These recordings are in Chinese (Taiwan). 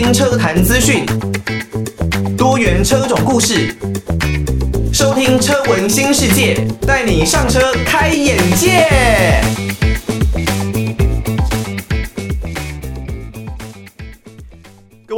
新車談資訊，多元車種故事，收聽車聞新世界，帶你上車開眼界。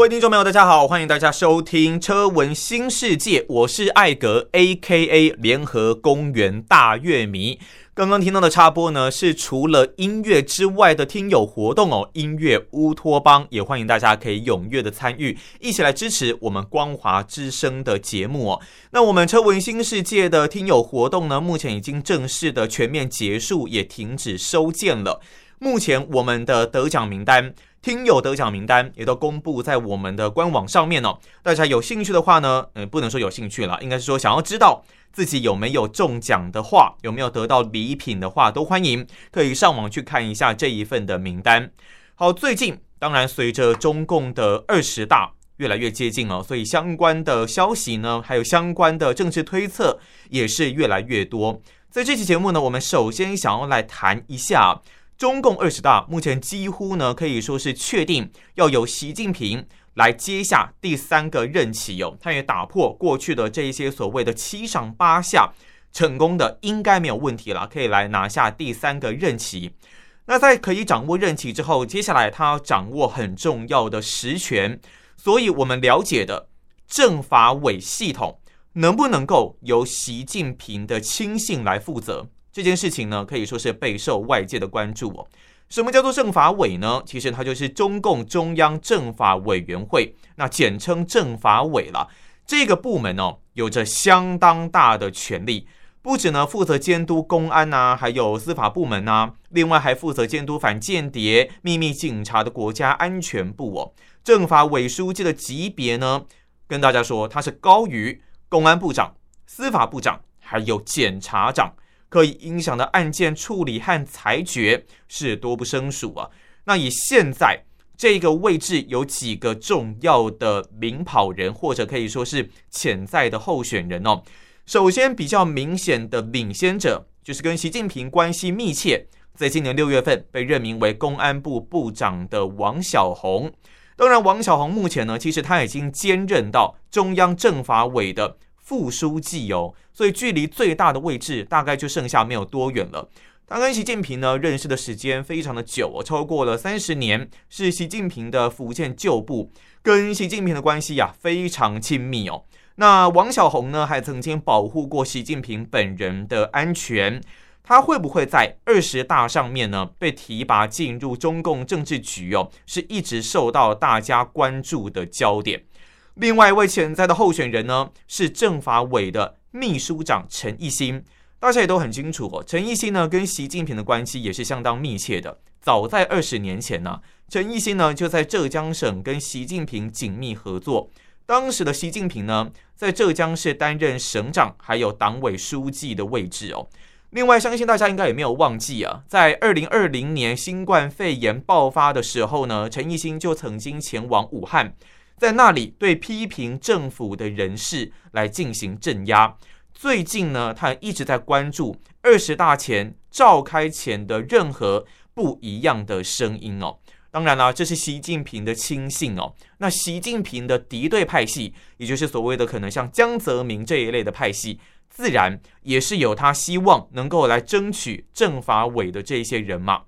各位聽眾朋友，大家好，歡迎大家收聽《車聞新世界》，我是艾格 （AKA 聯合公園大樂迷）。剛剛聽到的插播呢，是除了音樂之外的聽友活動哦。音樂烏托邦也歡迎大家可以踴躍的參與，一起來支持我們光華之聲的節目哦。那我們《車聞新世界》的聽友活動呢，目前已經正式的全面結束，也停止收件了。目前我們的得獎名單。聽友得獎名單也都公布在我們的官網上面哦，大家有興趣的話呢，嗯、呃，不能說有興趣了，應該是說想要知道自己有沒有中獎的話，有沒有得到禮品的話，都歡迎可以上網去看一下這一份的名單。好，最近當然隨着中共的二十大越來越接近了，所以相關的消息呢，還有相關的政治推測也是越來越多。在這期節目呢，我們首先想要來談一下。中共二十大目前幾乎呢，可以說是確定要由習近平來接下第三個任期喲。他也打破過去的這一些所謂的七上八下，成功的應該沒有問題了，可以來拿下第三個任期。那在可以掌握任期之後，接下來他要掌握很重要的實權，所以我們了解的政法委系統能不能夠由習近平的親信來負責？這件事情呢，可以說是備受外界的關注哦。什麼叫做政法委呢？其實它就是中共中央政法委員會，那簡稱政法委了。這個部門哦，有着相當大的權力，不只呢負責監督公安吶、啊，還有司法部門吶、啊，另外還負責監督反間諜、秘密警察的國家安全部哦。政法委書記的級別呢，跟大家說，他是高於公安部長、司法部長還有檢察長。可以影響的案件處理和裁決是多不勝數啊！那以現在這個位置，有幾個重要的領跑人，或者可以說是潛在的候選人哦。首先，比較明顯的領先者就是跟習近平關係密切，在今年六月份被任命為公安部部長的王小洪。當然，王小洪目前呢，其實他已經兼任到中央政法委的。副書記哦，所以距離最大的位置大概就剩下沒有多遠了。他跟習近平呢認識的時間非常的久哦，超過了三十年，是習近平的福建舊部，跟習近平的關係呀、啊、非常親密哦。那王小洪呢還曾經保護過習近平本人的安全，他會不會在二十大上面呢被提拔進入中共政治局哦？是一直受到大家關注的焦點。另外一位潛在的候選人呢，是政法委的秘書長陳一新。大家也都很清楚哦，陳一新呢跟習近平的關係也是相當密切的。早在二十年前呢，陳一新呢就在浙江省跟習近平緊密合作。當時的習近平呢在浙江是擔任省長還有黨委書記的位置哦。另外，相信大家應該也沒有忘記啊，在二零二零年新冠肺炎爆發的時候呢，陳一新就曾經前往武漢。在那裡對批評政府的人士來進行鎮壓。最近呢，他一直在關注二十大前召開前的任何不一樣的聲音哦。當然啦，這是習近平的親信哦。那習近平的敵對派系，也就是所謂的可能像江澤民這一類的派系，自然也是有他希望能夠來爭取政法委的這些人嘛。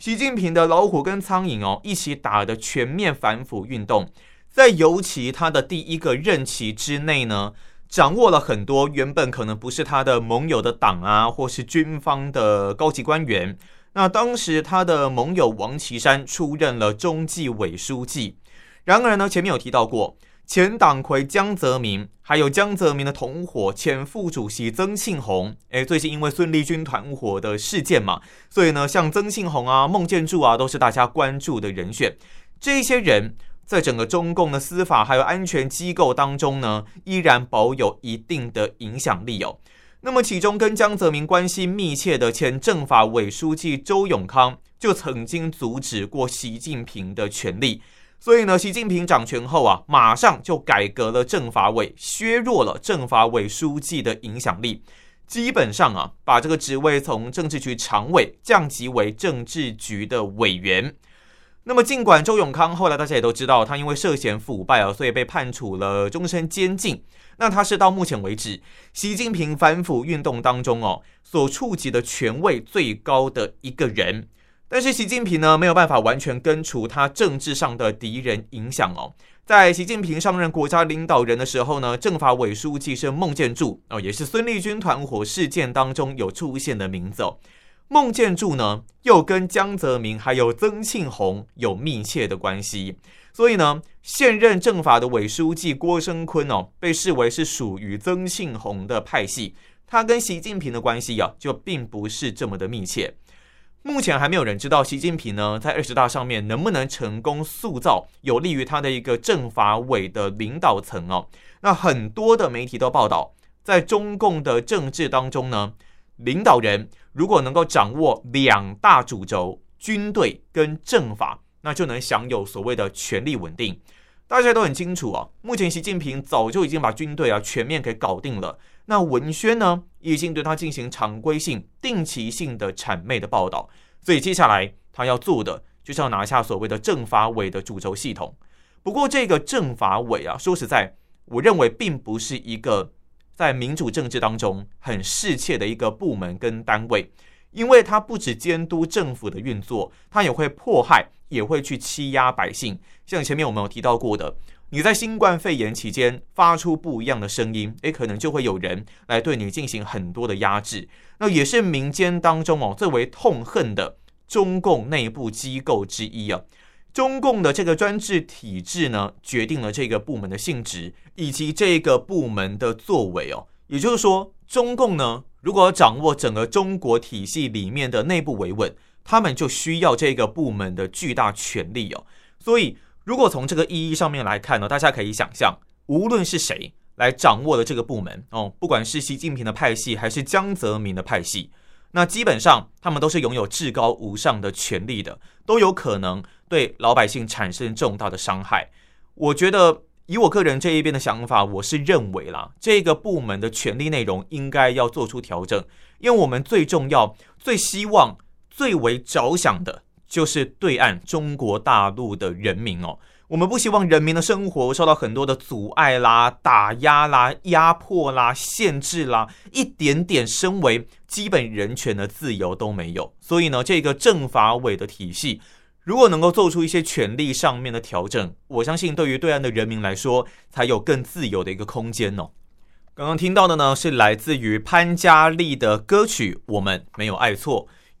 習近平的老虎跟蒼蠅哦，一起打的全面反腐運動。在尤其他的第一個任期之內呢，掌握了很多原本可能不是他的盟友的黨啊，或是軍方的高級官員。那當時他的盟友王岐山出任了中紀委書記。然而呢，前面有提到過，前黨魁江澤民，還有江澤民的同夥前副主席曾慶紅。誒、欸，最近因為孫立軍團夥的事件嘛，所以呢，像曾慶紅啊、孟建柱啊，都是大家關注的人選。這些人。在整個中共的司法還有安全機構當中呢，依然保有一定的影響力哦。那麼，其中跟江澤民關係密切的前政法委書記周永康，就曾經阻止過習近平的權力。所以呢，習近平掌權後啊，馬上就改革了政法委，削弱了政法委書記的影響力，基本上啊，把這個職位從政治局常委降級為政治局的委員。那麼，儘管周永康後來大家也都知道，他因為涉嫌腐敗啊、哦，所以被判處了終身監禁。那他是到目前為止，習近平反腐運動當中哦，所觸及的權位最高的一個人。但是，習近平呢沒有辦法完全根除他政治上的敵人影響哦。在習近平上任國家領導人的時候呢，政法委書記是孟建柱哦，也是孫力軍團夥事件當中有出現的名字哦。孟建柱呢，又跟江澤民還有曾慶紅有密切的關係，所以呢，現任政法的委書記郭聲琨哦，被視為是屬於曾慶紅的派系，他跟習近平的關係呀，就並不是這麼的密切。目前還沒有人知道習近平呢，在二十大上面能不能成功塑造有利於他的一個政法委的領導層哦。那很多的媒體都報道，在中共的政治當中呢，領導人。如果能夠掌握兩大主軸，軍隊跟政法，那就能享有所謂的權力穩定。大家都很清楚啊，目前習近平早就已經把軍隊啊全面給搞定了。那文宣呢，已經對他進行常規性、定期性的諂媚的報道。所以接下來他要做的，就是要拿下所謂的政法委的主軸系統。不過這個政法委啊，說實在，我認為並不是一個。在民主政治當中很嗜血的一個部門跟單位，因為它不止監督政府的運作，它也會迫害，也會去欺壓百姓。像前面我們有提到過的，你在新冠肺炎期間發出不一樣的聲音，誒，可能就會有人來對你進行很多的壓制。那也是民間當中哦最為痛恨的中共內部機構之一啊。中共的這個專制體制呢，決定了這個部門的性質以及這個部門的作為哦。也就是說，中共呢，如果掌握整個中國體系裡面的內部維穩，他們就需要這個部門的巨大權力哦。所以，如果從這個意義上面來看呢，大家可以想象，無論是誰來掌握了這個部門哦，不管是習近平的派系還是江澤民的派系。那基本上，他們都是擁有至高無上的權力的，都有可能對老百姓產生重大的傷害。我覺得，以我個人這一邊的想法，我是認為啦，這個部門的權力內容應該要做出調整，因為我們最重要、最希望、最為着想的就是對岸中國大陸的人民哦。我們不希望人民的生活受到很多的阻礙啦、打壓啦、壓迫啦、限制啦，一點點身為基本人權的自由都沒有。所以呢，這個政法委的體系如果能夠做出一些權力上面的調整，我相信對於對岸的人民來說，才有更自由的一個空間哦。剛剛聽到的呢，是來自於潘嘉麗的歌曲《我們沒有愛錯》。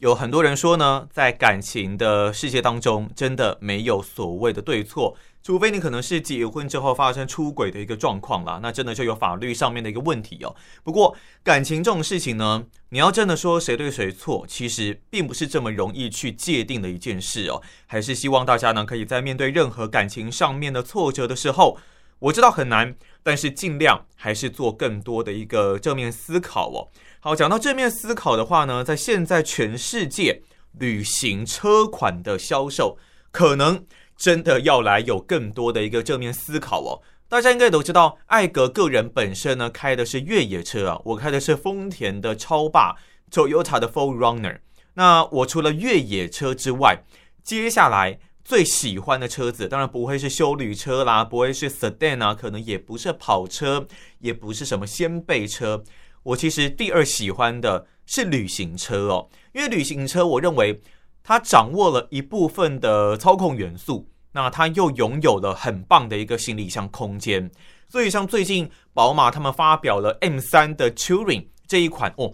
有很多人說呢，在感情的世界當中，真的沒有所謂的對錯。除非你可能是結婚之後發生出軌的一個狀況啦，那真的就有法律上面的一個問題哦。不過感情這種事情呢，你要真的說誰對誰錯，其實並不是這麼容易去界定的一件事哦。還是希望大家呢，可以在面對任何感情上面的挫折的時候，我知道很難，但是盡量還是做更多的一個正面思考哦。好，講到正面思考的話呢，在現在全世界旅行車款的銷售，可能真的要來有更多的一個正面思考哦。大家應該都知道，艾格個人本身呢開的是越野車啊，我開的是豐田的超霸，Toyota 的 Four Runner。那我除了越野車之外，接下來最喜歡的車子當然不會是休旅車啦，不會是 Sedan 啊，可能也不是跑車，也不是什麼掀背車。我其實第二喜歡的是旅行車哦，因為旅行車我認為它掌握了一部分的操控元素，那它又擁有了很棒的一個行李箱空間。所以像最近寶馬他們發表了 M3 的 Touring 這一款哦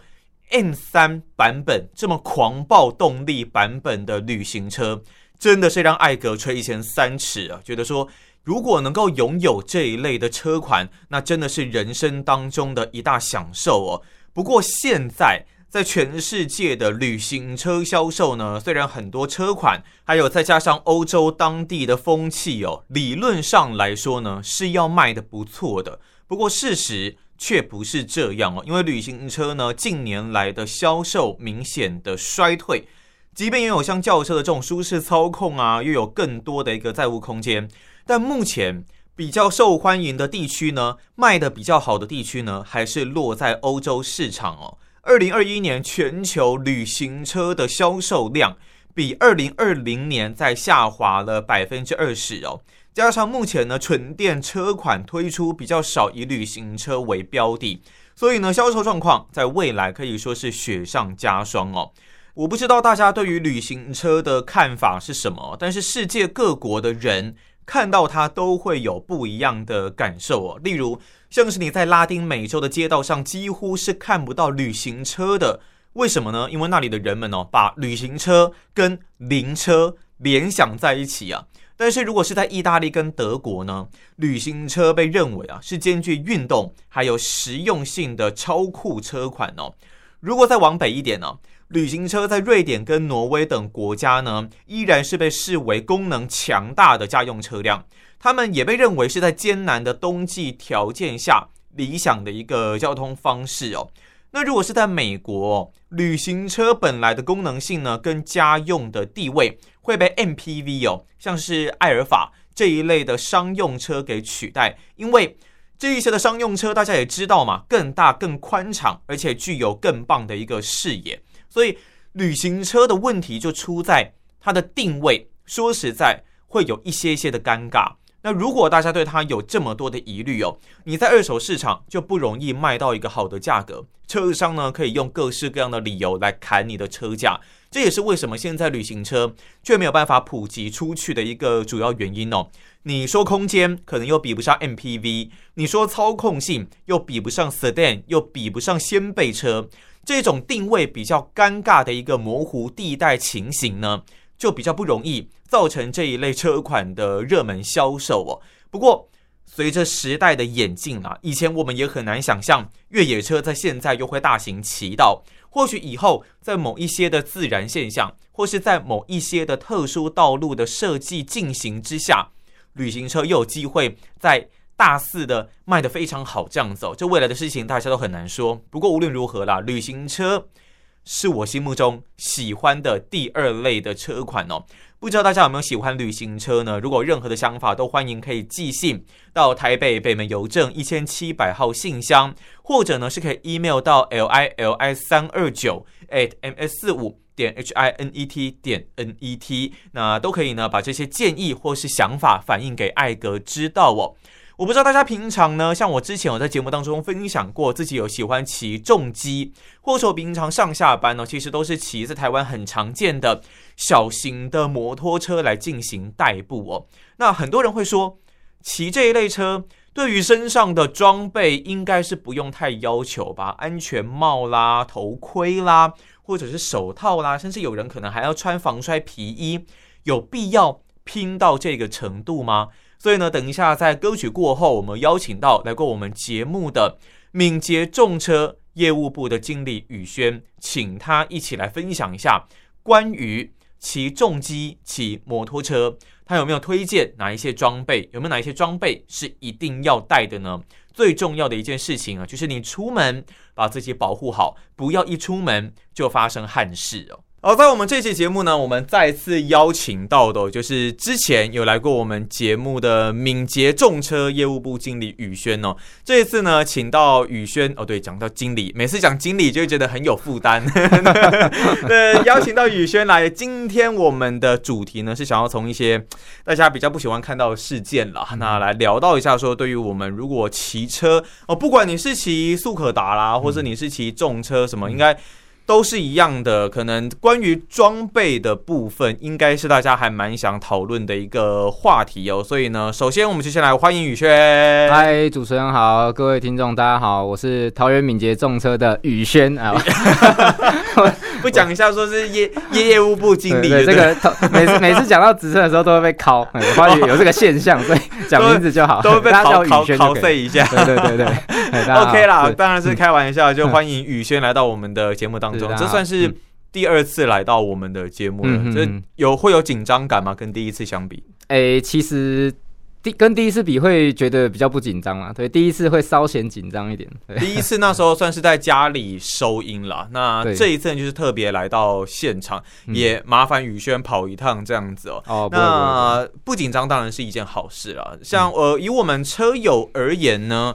，M3 版本這麼狂暴動力版本的旅行車，真的是讓艾格垂涎三尺啊，覺得說。如果能夠擁有這一類的車款，那真的是人生當中的一大享受哦。不過現在在全世界的旅行車銷售呢，雖然很多車款，還有再加上歐洲當地的風氣哦，理論上來說呢是要賣得不錯的。不過事實卻不是這樣哦，因為旅行車呢近年來的銷售明顯的衰退，即便擁有像轎車的這種舒適操控啊，又有更多的一個載物空間。但目前比較受歡迎的地區呢，賣得比較好的地區呢，還是落在歐洲市場哦。二零二一年全球旅行車的銷售量比二零二零年再下滑了百分之二十哦。加上目前呢，純電車款推出比較少，以旅行車為標的，所以呢，銷售狀況在未來可以說是雪上加霜哦。我不知道大家對於旅行車的看法是什麼，但是世界各國的人。看到它都會有不一樣的感受哦。例如，像是你在拉丁美洲的街道上幾乎是看不到旅行車的，為什麼呢？因為那裡的人們哦，把旅行車跟靈車聯想在一起啊。但是如果是在意大利跟德國呢，旅行車被認為啊是兼具運動還有實用性的超酷車款哦。如果再往北一點呢、啊？旅行車在瑞典跟挪威等國家呢，依然是被視為功能強大的家用車輛。他們也被認為是在艱難的冬季條件下理想的一個交通方式哦。那如果是在美國哦，旅行車本來的功能性呢，跟家用的地位會被 MPV 哦，像是埃爾法這一類的商用車給取代，因為這一些的商用車大家也知道嘛，更大、更寬敞，而且具有更棒的一個視野。所以，旅行車的問題就出在它的定位，說實在，會有一些些的尷尬。那如果大家對它有這麼多的疑慮哦，你在二手市場就不容易賣到一個好的價格。車商呢，可以用各式各樣的理由來砍你的車價，這也是為什麼現在旅行車卻沒有辦法普及出去的一個主要原因哦。你說空間可能又比不上 MPV，你說操控性又比不上 Sedan，又比不上掀背車。這種定位比較尷尬的一個模糊地帶情形呢，就比較不容易造成這一類車款的熱門銷售哦。不過，隨着時代的演進啊，以前我們也很難想象越野車在現在又會大行其道。或許以後在某一些的自然現象，或是在某一些的特殊道路的設計進行之下，旅行車又有機會在。大四的賣的非常好，這樣子哦。就未來的事情，大家都很難說。不過無論如何啦，旅行車是我心目中喜歡的第二類的車款哦。不知道大家有沒有喜歡旅行車呢？如果任何的想法都歡迎可以寄信到台北北門郵政一千七百號信箱，或者呢是可以 email 到 lili 三二九 at ms 四五點 hinet 點 net，那都可以呢，把這些建議或是想法反映給艾格知道哦。我不知道大家平常呢，像我之前有在節目當中分享過，自己有喜歡騎重機，或者說平常上下班呢，其實都是騎在台灣很常見的小型的摩托車來進行代步哦。那很多人會說，騎這一類車對於身上的裝備應該是不用太要求吧？安全帽啦、頭盔啦，或者是手套啦，甚至有人可能還要穿防摔皮衣，有必要拼到這個程度嗎？所以呢，等一下在歌曲過後，我們邀請到來過我們節目的敏傑重車業務部的經理宇軒，請他一起來分享一下關於騎重機、騎摩托車，他有沒有推薦哪一些裝備？有沒有哪一些裝備是一定要帶的呢？最重要的一件事情啊，就是你出門把自己保護好，不要一出門就發生憾事哦。好、哦，在我們這期節目呢，我們再次邀請到的、哦，就是之前有來過我們節目的敏傑重車業務部經理宇軒哦。這一次呢，請到宇軒哦，對，講到經理，每次講經理就會覺得很有負擔。那 邀請到宇軒來，今天我們的主題呢，是想要從一些大家比較不喜歡看到的事件了，那來聊到一下，說對於我們如果騎車哦，不管你是騎速可達啦，或者你是騎重車什麼，嗯、應該。都是一樣的，可能關於裝備的部分，應該是大家還蠻想討論的一個話題哦。所以呢，首先我們就先來歡迎宇軒。嗨，主持人好，各位聽眾大家好，我是桃園敏傑重車的宇軒啊。Oh. 不講一下，說是業業,業務部經理對對對。這個每次每次講到職稱的時候，都會被拷我、 嗯、有這個現象，所以講名字就好， 都會被拷考廢一下。 對對對,對 ，OK 啦，當然是開玩笑。嗯、就歡迎宇軒來到我們的節目當中，這算是第二次來到我們的節目了。這、嗯、有、嗯、會有緊張感嗎？跟第一次相比？哎、欸，其實。第、跟第一次比會覺得比較不緊張啊，對，第一次會稍顯緊張一點。第一次那時候算是在家裡收音了，那這一次就是特別來到現場，也麻煩宇軒跑一趟這樣子哦、喔嗯。那不緊張當然是一件好事了。像呃，以我們車友而言呢，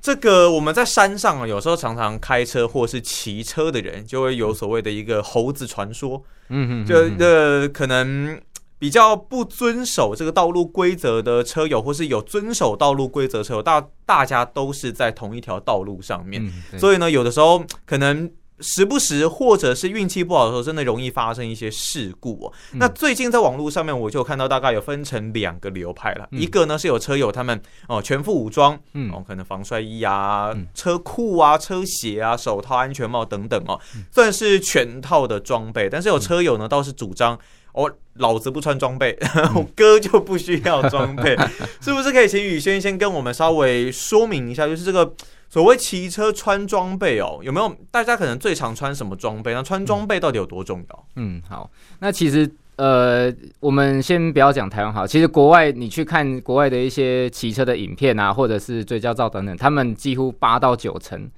這個我們在山上啊，有時候常常開車或是騎車的人，就會有所謂的一個猴子傳說。嗯哼，就呃可能。比較不遵守這個道路規則的車友，或是有遵守道路規則車友，大大家都是在同一條道路上面、嗯，所以呢，有的時候可能時不時，或者是運氣不好的時候，真的容易發生一些事故、哦嗯。那最近在網絡上面，我就看到大概有分成兩個流派了，嗯、一個呢是有車友他們哦、呃、全副武裝，哦、嗯、可能防摔衣啊、嗯、車褲啊、車鞋啊、手套、安全帽等等哦，嗯、算是全套的裝備，但是有車友呢、嗯、倒是主張。我、哦、老子不穿裝備，呵呵我哥就不需要裝備、嗯，是不是可以請宇軒先跟我們稍微說明一下，就是這個所謂騎車穿裝備哦，有沒有？大家可能最常穿什麼裝備？那穿裝備到底有多重要？嗯，好，那其實呃，我們先不要講台灣好，其實國外你去看國外的一些騎車的影片啊，或者是追焦照等等，他們幾乎八到九成。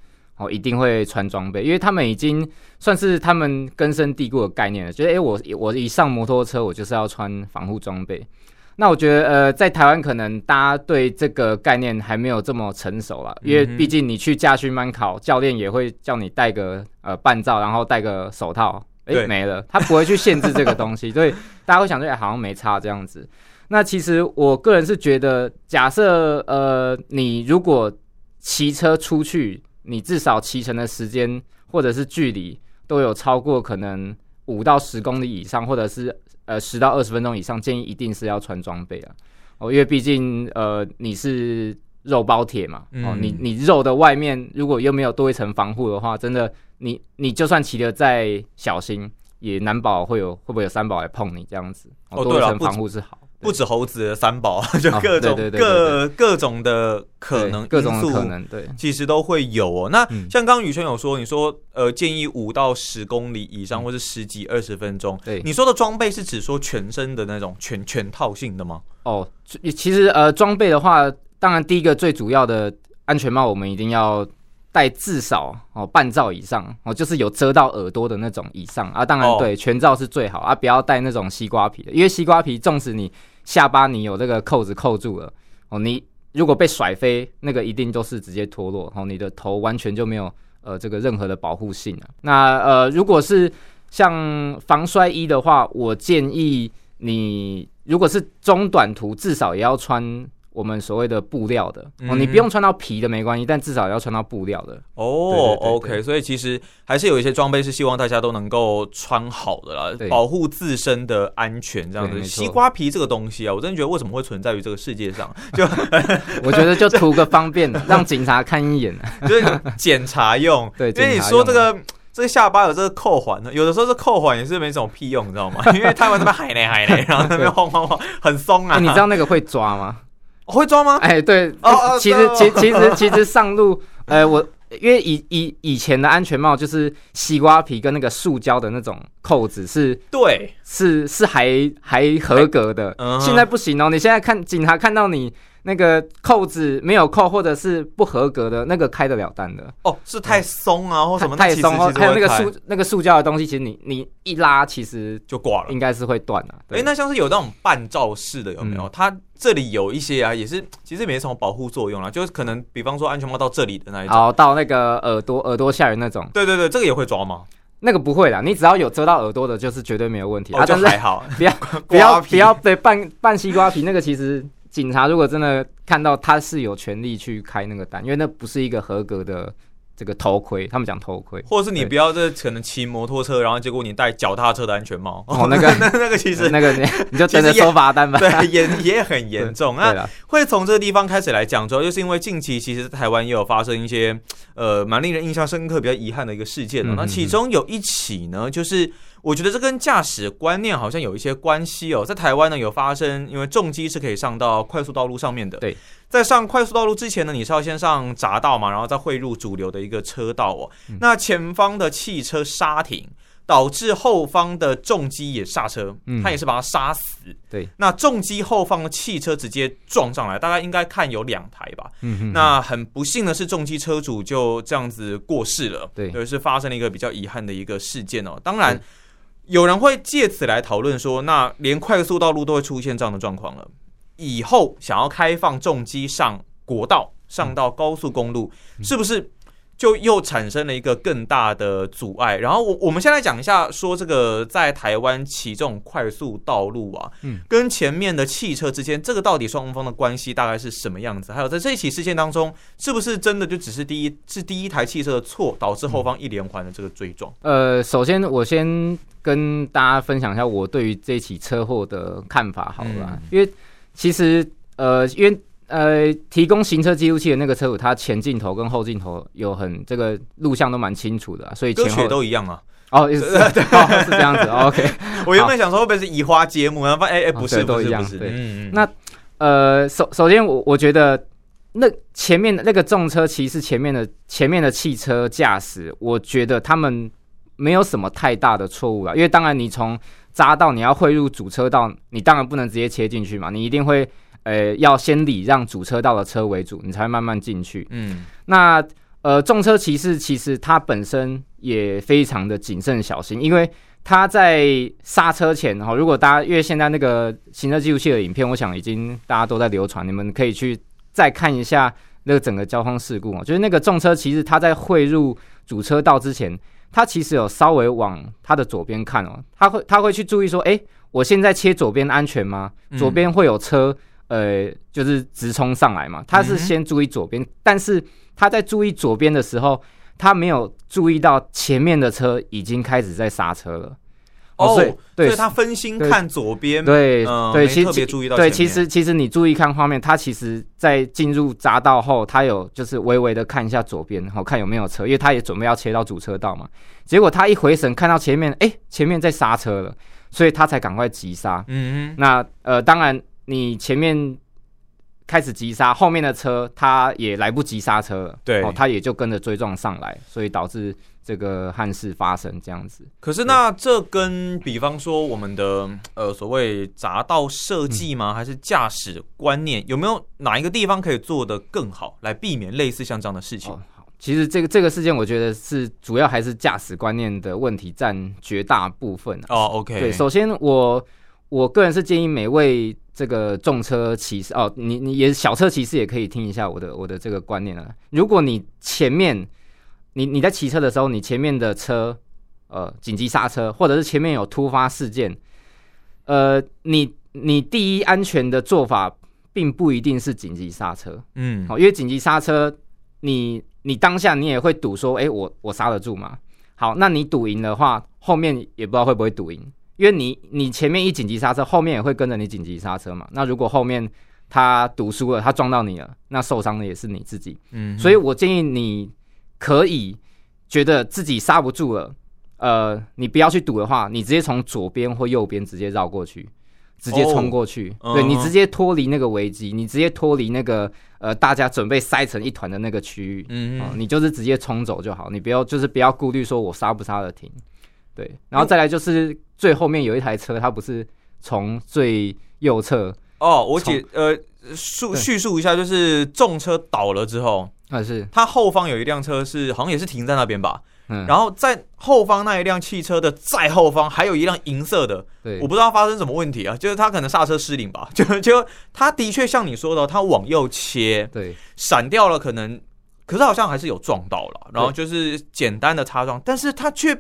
我一定會穿裝備，因為他們已經算是他們根深蒂固的概念了，覺得哎，我我一上摩托車，我就是要穿防護裝備。那我覺得呃，在台灣可能大家對這個概念還沒有這麼成熟啦、嗯，因為畢竟你去駕訓班考，教練也會叫你戴個呃半罩，然後戴個手套，哎、欸，沒了，他不會去限制這個東西，所 以大家會想說，哎、欸，好像沒差這樣子。那其實我個人是覺得，假設呃，你如果騎車出去，你至少騎乘的時間或者是距離都有超過可能五到十公里以上，或者是呃十到二十分鐘以上，建議一定是要穿裝備啊！哦，因為畢竟呃你是肉包鐵嘛，哦你你肉的外面如果又沒有多一層防護的話，真的你你就算騎得再小心，也難保會有會不會有三寶來碰你這樣子。哦，多一層防護是好。不止猴子三寶，就各種、哦、對對對對對對各各種的可能因素，對，其實都會有哦。那、嗯、像剛剛宇軒有說，你說呃建議五到十公里以上，或是十幾二十分鐘。對，你說的裝備是指說全身的那種、嗯、全全套性的嗎？哦，其實呃裝備的話，當然第一個最主要的安全帽，我們一定要戴至少哦半罩以上哦，就是有遮到耳朵的那種以上啊。當然、哦、對，全罩是最好啊，不要戴那種西瓜皮的，因為西瓜皮縱使你下巴你有這個扣子，扣住了哦，你如果被甩飛，那個一定都是直接脫落，哦。你的頭完全就沒有呃這個任何的保護性了。那呃，如果是像防摔衣的話，我建議你如果是中短途，至少也要穿。我們所謂的布料的、嗯、哦，你不用穿到皮的沒關係，但至少要穿到布料的哦對對對對。OK，所以其實還是有一些裝備是希望大家都能夠穿好的啦，保護自身的安全這樣子。西瓜皮這個東西啊，我真的覺得為什麼會存在於這個世界上？就 我覺得就圖個方便，讓警察看一眼，就是檢查用。 對，因為你說這個這個下巴有這個扣環的，有的時候這扣環也是沒什麼屁用，你知道嗎？因為台灣這邊海嘞海嘞， 然後那邊晃晃晃很鬆啊， 你知道那個會抓嗎？哦、會抓嗎？哎、欸，對、oh, uh, 其，其實，其其實，其實上路， 呃、我因為以以以前的安全帽就是西瓜皮跟那個塑膠的那種扣子是，對，是是還還合格的，嗯、現在不行哦、喔。你現在看警察看到你那個扣子沒有扣或者是不合格的那個開得了單的哦，oh, 是太鬆啊，或什麼太鬆，還有那個塑那個塑膠的東西，其實你你一拉其實就掛了，應該是會斷了，哎，那像是有那種半罩式的有沒有？嗯、它這裡有一些啊，也是其實沒什麼保護作用啦，就是可能比方說安全帽到這裡的那一種，哦、oh,，到那個耳朵耳朵下面那種，對對對，這個也會抓嗎？那個不會的，你只要有遮到耳朵的，就是絕對沒有問題。Oh, 啊、就還好，不要不要不要對，半半西瓜皮，那個其實警察如果真的看到，他是有權利去開那個單，因為那不是一個合格的。這個頭盔，他們講頭盔，或者是你不要這可能騎摩托車，然後結果你戴腳踏車的安全帽，哦，那個，那 那個其實那個你，你就等著收罰單吧，對，也也很嚴重啊。會從這個地方開始來講之後，就是因為近期其實台灣也有發生一些呃蠻令人印象深刻、比較遺憾的一個事件，喔、嗯嗯嗯，那其中有一起呢，就是。我覺得這跟駕駛觀念好像有一些關係哦。在台灣呢，有發生，因為重機是可以上到快速道路上面的。對，在上快速道路之前呢，你是要先上閘道嘛，然後再匯入主流的一個車道哦。那前方的汽車剎停，導致後方的重機也剎車，他也是把他殺死。對，那重機後方的汽車直接撞上來，大概應該看有兩台吧。嗯，那很不幸的是，重機車主就這樣子過世了。對，是發生了一個比較遺憾的一個事件哦。當然。有人會借此來討論說，那連快速道路都會出現這樣的狀況了，以後想要開放重機上國道，上到高速公路，嗯、是不是？就又產生了一個更大的阻礙。然後我我們先來講一下，說這個在台灣騎這種快速道路啊，嗯，跟前面的汽車之間，這個到底雙方的關係大概是什麼樣子？還有在這一起事件當中，是不是真的就只是第一是第一台汽車的錯，導致後方一連環的這個追撞？呃，首先我先跟大家分享一下我對於這起車禍的看法，好吧，因為其實呃，因為。呃，提供行車記錄器的那個車主，他前鏡頭跟後鏡頭有很這個錄像都蠻清楚的，啊，所以前後都一樣啊。哦，是是這樣子。OK， 我原本想說會不會是移花接木，啊，然後哎哎，不是，都一樣。對嗯，那呃，首首先我我覺得那前面的那個重車，其實前面的前面的汽車駕駛，我覺得他們沒有什麼太大的錯誤啦，因為當然你從匝道你要匯入主車道，你當然不能直接切進去嘛，你一定會。呃、欸，要先禮讓主車道的車為主，你才慢慢進去。嗯，那呃，重車騎士其實它本身也非常的謹慎小心，因為它在剎車前，然、哦、後如果大家因為現在那個行車記錄器的影片，我想已經大家都在流傳，你們可以去再看一下那個整個交通事故啊、哦。就是那個重車騎士他在匯入主車道之前，他其實有稍微往他的左邊看哦，他會他會去注意說，哎、欸，我現在切左邊安全嗎？左邊會有車。嗯。呃，就是直衝上來嘛。他是先注意左邊，嗯，但是他在注意左邊的時候，他沒有注意到前面的車已經開始在剎車了。哦，對，所以他分心看左邊，對，對，嗯，對，沒特別注意到。對，其實其實你注意看畫面，他其實在進入匝道後，他有就是微微的看一下左邊，然後看有沒有車，因為他也準備要切到主車道嘛。結果他一回神看到前面，哎，欸，前面在剎車了，所以他才趕快急剎。嗯，那呃，當然。你前面開始急剎，後面的車他也來不及剎車，對，他、哦、也就跟着追撞上來，所以導致這個憾事發生這樣子。可是，那這跟比方說我們的、嗯、呃所謂匝道設計嗎？還是駕駛觀念、嗯？有沒有哪一個地方可以做得更好，來避免類似像這樣的事情？哦、好，其實這個這個事件，我覺得是主要還是駕駛觀念的問題佔絕大部分、啊、哦。OK，對，首先我。我個人是建議每位這個重車騎士哦，你你也小車騎士也可以聽一下我的我的這個觀念啊。如果你前面你你在騎車的時候，你前面的車呃緊急剎車，或者是前面有突發事件，呃，你你第一安全的做法，並不一定是緊急剎車，嗯，好，因為緊急剎車，你你當下你也會賭說，哎、欸，我我剎得住嗎？好，那你賭贏的話，後面也不知道會不會賭贏。因為你你前面一緊急剎車，後面也會跟着你緊急剎車嘛。那如果後面他賭輸了，他撞到你了，那受傷的也是你自己。嗯，所以我建議你可以覺得自己剎不住了，呃，你不要去賭的話，你直接從左邊或右邊直接繞過去，直接衝過去，哦、對你直接脫離那個危機，你直接脫離那個、哦那個、呃大家準備塞成一團的那個區域，嗯嗯、呃，你就是直接衝走就好，你不要就是不要顧慮說我剎不剎得停，對，然後再來就是。最後面有一台車，它不是從最右側哦、Oh。我解呃敘敘述，述，述一下，就是重車倒了之後，還、啊、是它後方有一輛車是好像也是停在那邊吧。嗯，然後在後方那一輛汽車的再後方還有一輛銀色的。對，我不知道發生什麼問題啊，就是它可能剎車失靈吧。就就它的確像你說的，它往右切，對，閃掉了可能，可是好像還是有撞到了，然後就是簡單的擦撞，但是它卻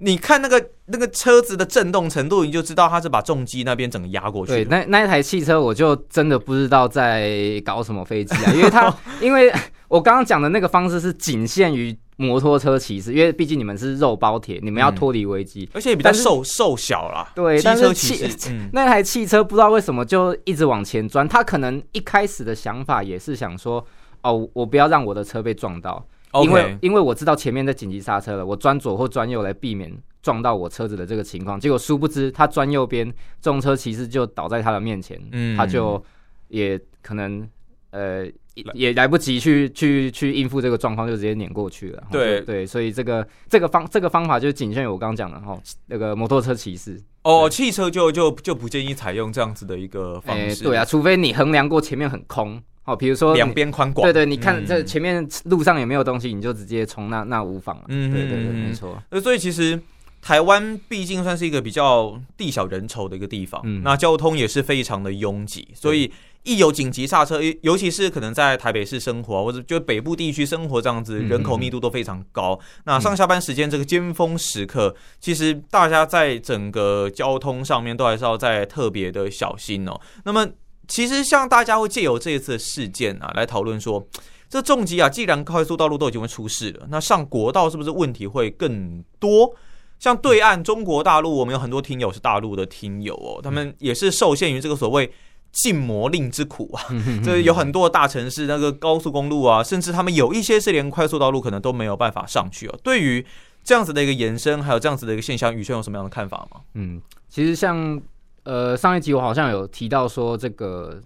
你看那個那個車子的震動程度，你就知道它是把重機那邊整個壓過去。對，那那一台汽車，我就真的不知道在搞什麼飛機啊！因為它， 因為我剛剛講的那個方式是僅限於摩托車騎士，因為畢竟你們是肉包鐵，你們要脫離危機。嗯、而且也比較瘦瘦小啦。對，汽車騎士、但是汽、嗯、那台汽車不知道為什麼就一直往前鑽。他可能一開始的想法也是想說，哦，我不要讓我的車被撞到。Okay. 因為因為我知道前面在緊急剎車了，我轉左或轉右來避免撞到我車子的這個情況，結果殊不知他轉右邊，重車其實就倒在他的面前，嗯、他就也可能。呃，也來不及去去去應付這個狀況，就直接碾過去了。對、哦、對，所以這個這個方這個方法就僅限於我剛剛講的哈，那、哦這個摩托車騎士。哦，汽車就就就不建議採用這樣子的一個方式、哎。對啊，除非你衡量過前面很空，哦，比如說兩邊寬廣。對對，你看這前面路上也沒有東西，嗯、你就直接衝那那無妨，嗯，對對對，沒錯。呃，所以其實台灣畢竟算是一個比較地小人稠的一個地方，嗯、那交通也是非常的擁擠，所以。嗯一有緊急剎車，尤其是可能在台北市生活，啊，或者就北部地區生活這樣子，人口密度都非常高。嗯、那上下班時間這個尖峰時刻，嗯，其實大家在整個交通上面都還是要再特別的小心哦，喔。那麼，其實像大家會借由這一次事件啊，來討論說，這重機啊，既然快速道路都已經會出事了，那上國道是不是問題會更多？像對岸，嗯、中國大陸，我們有很多聽友是大陸的聽友哦，喔，他們也是受限於這個所謂。禁摩令之苦啊，就是、嗯、有很多大城市那個高速公路啊，甚至他們有一些是連快速道路可能都沒有辦法上去哦、啊。對於這樣子的一個延伸，還有這樣子的一個現象，宇軒有什麼樣的看法嗎？嗯，其實像呃上一集我好像有提到說，這個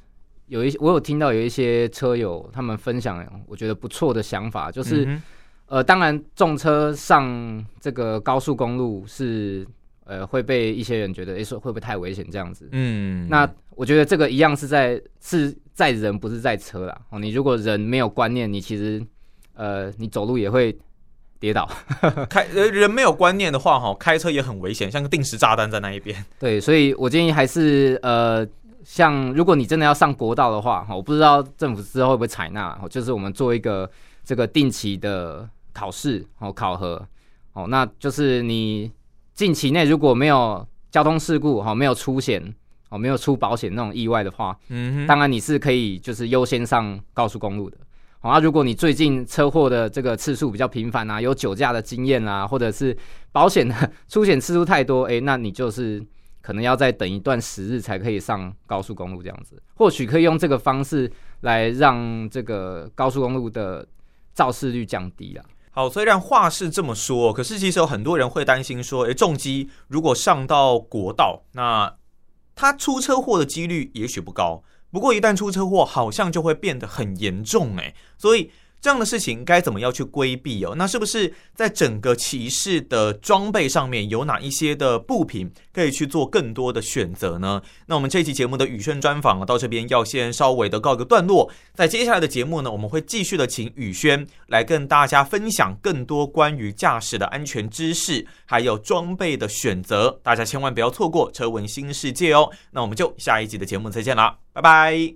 有一我有聽到有一些車友他們分享，我覺得不錯的想法，就是、嗯、呃當然重車上這個高速公路是。呃，會被一些人覺得，誒、欸，說會不會太危險這樣子？嗯，那我覺得這個一樣是在是在人，不是在車啦。哦，你如果人沒有觀念，你其實，呃，你走路也會跌倒。 開、呃、人沒有觀念的話，哈，開車也很危險，像個定時炸彈在那一邊。對，所以我建議還是呃，像如果你真的要上國道的話，哈，我不知道政府之後會不會採納，就是我們做一個這個定期的考試哦，考核哦，那就是你。近期內如果沒有交通事故哈、哦，沒有出險哦，沒有出保險那種意外的話、嗯，當然你是可以就是優先上高速公路的。好、哦，啊、如果你最近車禍的這個次數比較頻繁啊，有酒駕的經驗啊，或者是保險的出險次數太多，哎、欸，那你就是可能要再等一段時日才可以上高速公路這樣子。或許可以用這個方式來讓這個高速公路的肇事率降低了。好，雖然話是這麼說，可是其實有很多人會擔心說，哎、欸，重機如果上到國道，那他出車禍的幾率也許不高，不過一旦出車禍，好像就會變得很嚴重，欸，哎，所以。這樣的事情該怎麼樣去規避哦？那是不是在整個騎士的裝備上面有哪一些的部品可以去做更多的選擇呢？那我們這期節目的宇軒專訪到這邊要先稍微的告一個段落，在接下來的節目呢，我們會繼續的請宇軒來跟大家分享更多關於駕駛的安全知識，還有裝備的選擇，大家千萬不要錯過車聞新世界哦。那我們就下一集的節目再見啦，拜拜。